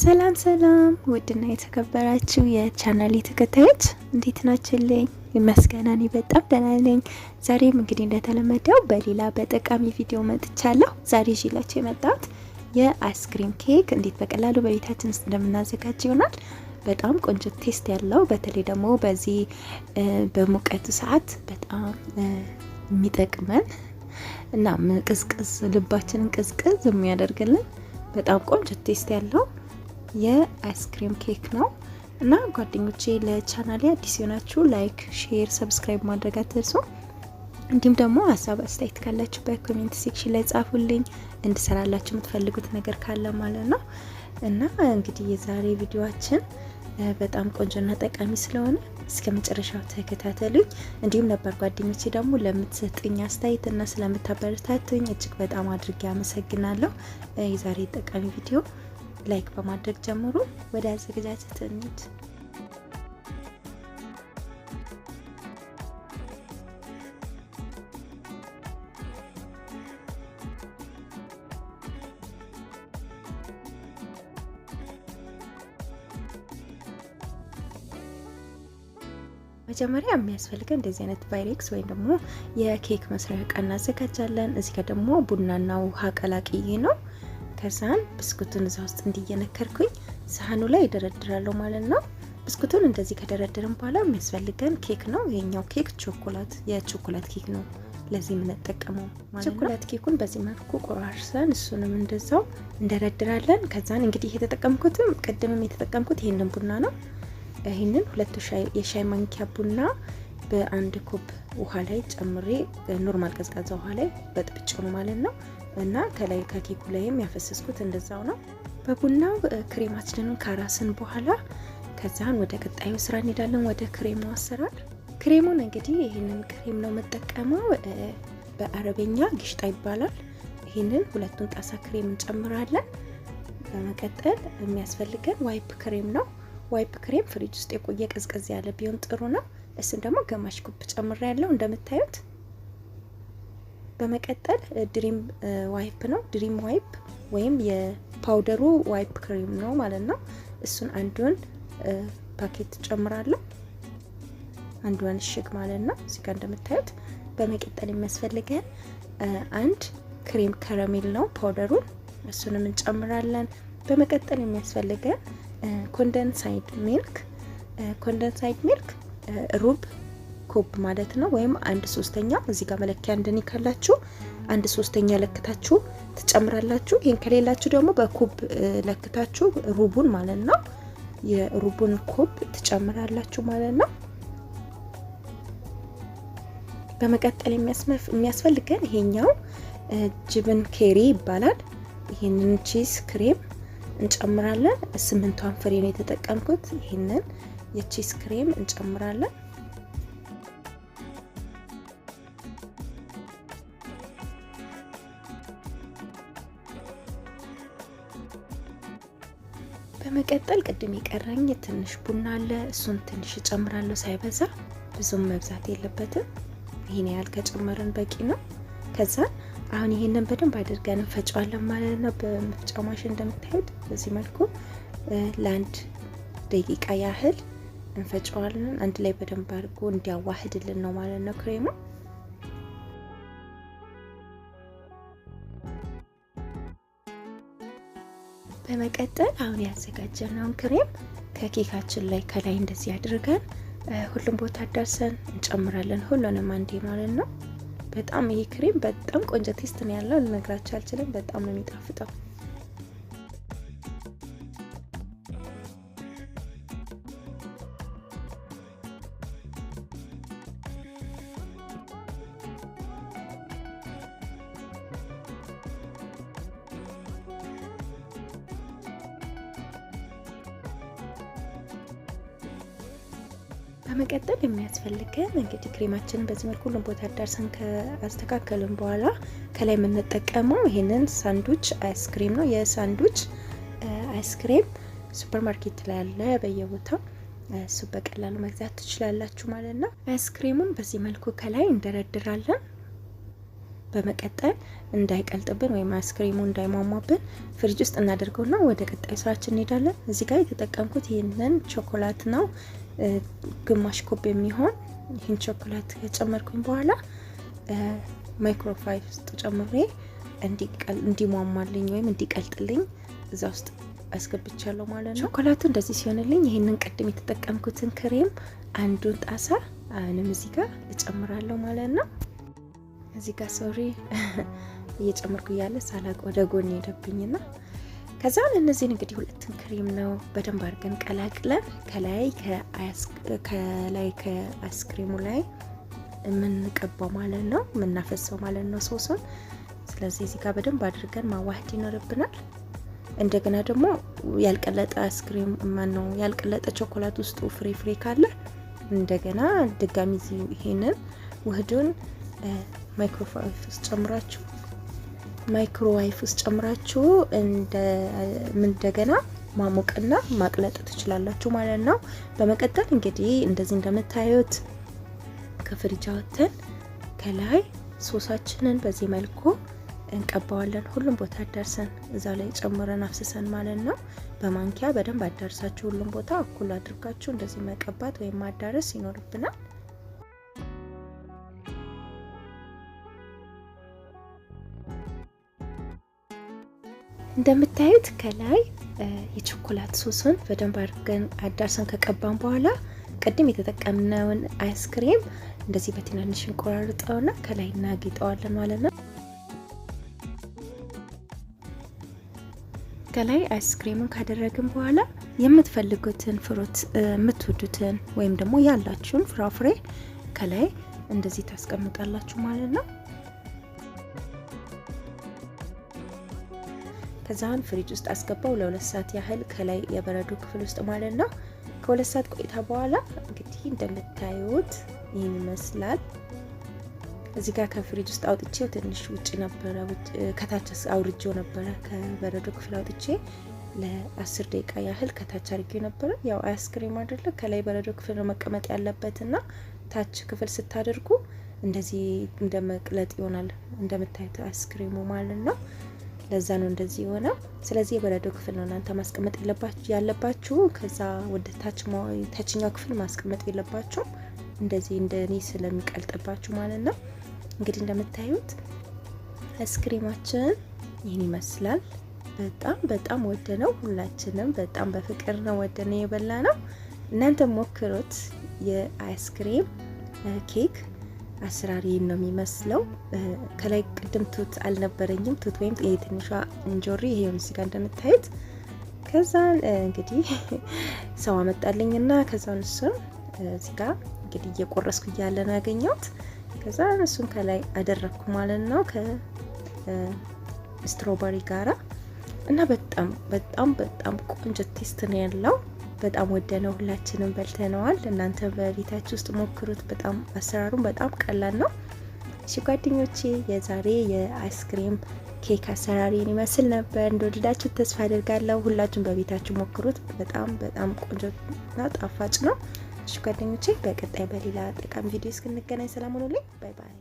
ሰላም ሰላም ውድና የተከበራችሁ የቻናል ተከታዮች እንዴት ናችሁልኝ? ይመስገን እኔ በጣም ደህና ነኝ። ዛሬም እንግዲህ እንደተለመደው በሌላ በጠቃሚ ቪዲዮ መጥቻለሁ። ዛሬ ይዤላችሁ የመጣሁት የአይስክሪም ኬክ እንዴት በቀላሉ በቤታችን ውስጥ እንደምናዘጋጅ ይሆናል። በጣም ቆንጆ ቴስት ያለው በተለይ ደግሞ በዚህ በሙቀቱ ሰዓት በጣም የሚጠቅመን እና ቅዝቅዝ ልባችንን ቅዝቅዝ የሚያደርግልን በጣም ቆንጆ ቴስት ያለው የአይስክሪም ኬክ ነው እና ጓደኞቼ ለቻናሌ አዲስ የሆናችሁ ላይክ፣ ሼር፣ ሰብስክራይብ ማድረግ አትርሱ። እንዲሁም ደግሞ ሀሳብ አስተያየት ካላችሁ በኮሜንት ሴክሽን ላይ ጻፉልኝ፣ እንድሰራላችሁ የምትፈልጉት ነገር ካለ ማለት ነው። እና እንግዲህ የዛሬ ቪዲዮችን በጣም ቆንጆና ጠቃሚ ስለሆነ እስከ መጨረሻው ተከታተሉኝ። እንዲሁም ነበር ጓደኞቼ ደግሞ ለምትሰጥኝ አስተያየትና ስለምታበረታቱኝ እጅግ በጣም አድርጌ አመሰግናለሁ። የዛሬ ጠቃሚ ቪዲዮ ላይክ በማድረግ ጀምሩ። ወደ አዘገጃጀት እንሂድ። መጀመሪያ የሚያስፈልገን እንደዚህ አይነት ቫይሬክስ ወይም ደግሞ የኬክ መስሪያ ዕቃ እናዘጋጃለን። እዚህ ጋር ደግሞ ቡናና ውሃ ቀላቅዬ ነው ከዛም ብስኩቱን እዛ ውስጥ እንዲየነከርኩኝ ሳህኑ ላይ እደረድራለሁ ማለት ነው። ብስኩቱን እንደዚህ ከደረደርን በኋላ የሚያስፈልገን ኬክ ነው። ይሄኛው ኬክ ቾኮላት የቾኮላት ኬክ ነው። ለዚህ የምንጠቀመው ቾኮላት ኬኩን በዚህ መልኩ ቆራርሰን እሱንም እንደዛው እንደረድራለን። ከዛን እንግዲህ የተጠቀምኩትም ቅድምም የተጠቀምኩት ይህንን ቡና ነው። ይህንን ሁለቱ የሻይ ማንኪያ ቡና በአንድ ኮብ ውሃ ላይ ጨምሬ ኖርማል ቀዝቃዛ ውሃ ላይ በጥብጭ ነው ማለት ነው። እና ከላይ ከኬኩ ላይም ያፈሰስኩት እንደዛው ነው። በቡናው ክሬማችንን ካራስን በኋላ ከዛን ወደ ቀጣዩ ስራ እንሄዳለን፣ ወደ ክሬሙ አሰራር። ክሬሙን እንግዲህ ይህንን ክሬም ነው የምጠቀመው፣ በአረበኛ ግሽጣ ይባላል። ይህንን ሁለቱን ጣሳ ክሬም እንጨምራለን። በመቀጠል የሚያስፈልገን ዋይፕ ክሬም ነው። ዋይፕ ክሬም ፍሪጅ ውስጥ የቆየ ቀዝቀዝ ያለ ቢሆን ጥሩ ነው። እሱን ደግሞ ግማሽ ኩብ ጨምር ያለው እንደምታዩት በመቀጠል ድሪም ዋይፕ ነው። ድሪም ዋይፕ ወይም የፓውደሩ ዋይፕ ክሪም ነው ማለት ነው። እሱን አንዱን ፓኬት ጨምራለሁ፣ አንዱን እሽግ ማለት ነው። እዚጋ እንደምታዩት በመቀጠል የሚያስፈልገን አንድ ክሬም ከረሜል ነው ፓውደሩን፣ እሱንም እንጨምራለን። በመቀጠል የሚያስፈልገን ኮንደንሳይድ ሚልክ ኮንደንሳይድ ሚልክ ሩብ ኮብ ማለት ነው። ወይም አንድ ሶስተኛ እዚህ ጋር መለኪያ እንደኔ ካላችሁ አንድ ሶስተኛ ለክታችሁ ትጨምራላችሁ። ይህን ከሌላችሁ ደግሞ በኮብ ለክታችሁ ሩቡን ማለት ነው የሩቡን ኮብ ትጨምራላችሁ ማለት ነው። በመቀጠል የሚያስፈልገን ይሄኛው ጅብን ኬሪ ይባላል። ይህንን ቺዝ ክሬም እንጨምራለን። ስምንቷን ፍሬ ነው የተጠቀምኩት። ይህንን የቺዝ ክሬም እንጨምራለን። በመቀጠል ቅድም የቀረኝ ትንሽ ቡና አለ። እሱን ትንሽ እጨምራለሁ፣ ሳይበዛ ብዙም መብዛት የለበትም። ይህን ያህል ከጨመርን በቂ ነው። ከዛ አሁን ይሄንን በደንብ አድርገን እንፈጫዋለን ማለት ነው። በመፍጫ ማሽን እንደምታዩት በዚህ መልኩ ለአንድ ደቂቃ ያህል እንፈጫዋለን። አንድ ላይ በደንብ አድርጎ እንዲያዋህድልን ነው ማለት ነው ክሬሙ። በመቀጠል አሁን ያዘጋጀነውን ክሬም ከኬካችን ላይ ከላይ እንደዚህ አድርገን ሁሉም ቦታ አዳርሰን እንጨምራለን። ሁሉንም አንዴ ማለት ነው። በጣም ይሄ ክሬም በጣም ቆንጆ ቴስት ነው ያለው። ልነግራቸው አልችልም። በጣም ነው የሚጣፍጠው። በመቀጠል የሚያስፈልገን እንግዲህ ክሬማችንን በዚህ መልኩ ሁሉም ቦታ ዳርሰን ከአስተካከልን በኋላ ከላይ የምንጠቀመው ይህንን ሳንዱች አይስክሬም ነው። የሳንዱች አይስክሬም ሱፐርማርኬት ላይ ያለ በየቦታው እሱ በቀላሉ መግዛት ትችላላችሁ ማለት ነው። አይስክሬሙን በዚህ መልኩ ከላይ እንደረድራለን። በመቀጠል እንዳይቀልጥብን ወይም አይስክሬሙ እንዳይሟሟብን ፍሪጅ ውስጥ እናደርገውና ወደ ቀጣይ ስራችን እንሄዳለን። እዚህ ጋር የተጠቀምኩት ይህንን ቾኮላት ነው። ግማሽ ኮብ የሚሆን ይህን ቾኮላት ከጨመርኩኝ በኋላ ማይክሮፋይቭ ውስጥ ጨምሬ እንዲሟሟልኝ ወይም እንዲቀልጥልኝ እዛ ውስጥ አስገብቻለሁ ማለት ነው። ቾኮላቱ እንደዚህ ሲሆንልኝ ይህንን ቅድም የተጠቀምኩትን ክሬም አንዱን ጣሳ አሁንም እዚህ ጋር እጨምራለሁ ማለት ነው። እዚህ ጋር ሶሪ እየጨመርኩ እያለ ሳላቅ ወደ ጎን ሄደብኝና ከዛን እነዚህን እንግዲህ ሁለትን ክሬም ነው በደንብ አድርገን ቀላቅለን ከላይ ከላይ ከአይስክሪሙ ላይ የምንቀባው ማለት ነው የምናፈሰው ማለት ነው ሶሱን። ስለዚህ እዚህ ጋር በደንብ አድርገን ማዋህድ ይኖርብናል። እንደገና ደግሞ ያልቀለጠ አይስክሪም ማን ነው ያልቀለጠ ቾኮላት ውስጡ ፍሬ ፍሬ ካለ እንደገና ድጋሚ ይሄንን ውህዱን ማይክሮፋይፍ ውስጥ ጨምራችሁ ማይክሮዌቭ ውስጥ ጨምራችሁ እንደገና ማሞቅና ማቅለጥ ትችላላችሁ ማለት ነው። በመቀጠል እንግዲህ እንደዚህ እንደምታዩት ከፍሪጃ ወተን ከላይ ሶሳችንን በዚህ መልኩ እንቀባዋለን። ሁሉም ቦታ አዳርሰን እዛ ላይ ጨምረን አፍስሰን ማለት ነው። በማንኪያ በደንብ አዳርሳችሁ ሁሉም ቦታ እኩል አድርጋችሁ እንደዚህ መቀባት ወይም ማዳረስ ይኖርብናል። እንደምታዩት ከላይ የቾኮላት ሶስን በደንብ አድርገን አዳርሰን ከቀባን በኋላ ቅድም የተጠቀምነውን አይስክሬም እንደዚህ በትናንሽ እንቆራርጠውና ከላይ እናጌጠዋለን ማለት ነው። ከላይ አይስክሪሙን ካደረግን በኋላ የምትፈልጉትን ፍሩት የምትወዱትን ወይም ደግሞ ያላችሁን ፍራፍሬ ከላይ እንደዚህ ታስቀምጣላችሁ ማለት ነው። ከዛን ፍሪጅ ውስጥ አስገባው ለሁለት ሰዓት ያህል ከላይ የበረዶ ክፍል ውስጥ ማለት ነው። ከሁለት ሰዓት ቆይታ በኋላ እንግዲህ እንደምታዩት ይህን ይመስላል። እዚህ ጋር ከፍሪጅ ውስጥ አውጥቼው ትንሽ ውጭ ነበረ ከታች አውርጄው ነበረ። ከበረዶ ክፍል አውጥቼ ለአስር ደቂቃ ያህል ከታች አድርጌው ነበረ። ያው አይስክሪም አይደለ ከላይ በረዶ ክፍል ነው መቀመጥ ያለበትና ታች ክፍል ስታደርጉ እንደዚህ እንደመቅለጥ ይሆናል እንደምታዩት አይስክሪሙ ማለት ነው። ለዛ ነው እንደዚህ የሆነው። ስለዚህ የበረዶ ክፍል ነው እናንተ ማስቀመጥ ያለባችሁ። ከዛ ወደ ታችኛው ክፍል ማስቀመጥ የለባችሁም። እንደዚህ እኔ ስለሚቀልጥባችሁ ማለት ነው። እንግዲህ እንደምታዩት አይስክሪማችን ይህን ይመስላል። በጣም በጣም ወደ ነው። ሁላችንም በጣም በፍቅር ነው ወደ ነው የበላ ነው። እናንተ ሞክሮት የአይስክሪም ኬክ አሰራር ይህን ነው የሚመስለው። ከላይ ቅድም ቱት አልነበረኝም። ቱት ወይም የትንሿ እንጆሪ ይሄ እዚህ ጋር እንደምታዩት። ከዛ እንግዲህ ሰው አመጣልኝ እና ከዛን እሱን እዚህ ጋር እንግዲህ እየቆረስኩ እያለ ነው ያገኘሁት። ከዛ እሱን ከላይ አደረግኩ ማለት ነው ከስትሮበሪ ጋራ እና በጣም በጣም በጣም ቆንጆ ቴስት ነው ያለው። በጣም ወደነው ሁላችንም በልተነዋል። እናንተ በቤታችሁ ውስጥ ሞክሩት። በጣም አሰራሩም በጣም ቀላል ነው። እሺ ጓደኞቼ የዛሬ የአይስክሪም ኬክ አሰራሪን ይመስል ነበር። እንደወደዳችሁ ተስፋ አድርጋለሁ። ሁላችሁም በቤታችሁ ሞክሩት። በጣም በጣም ቆንጆና ጣፋጭ ነው። እሺ ጓደኞቼ በቀጣይ በሌላ ጠቃሚ ቪዲዮ እስክንገናኝ ሰላም ሆኑልኝ። ባይ ባይ።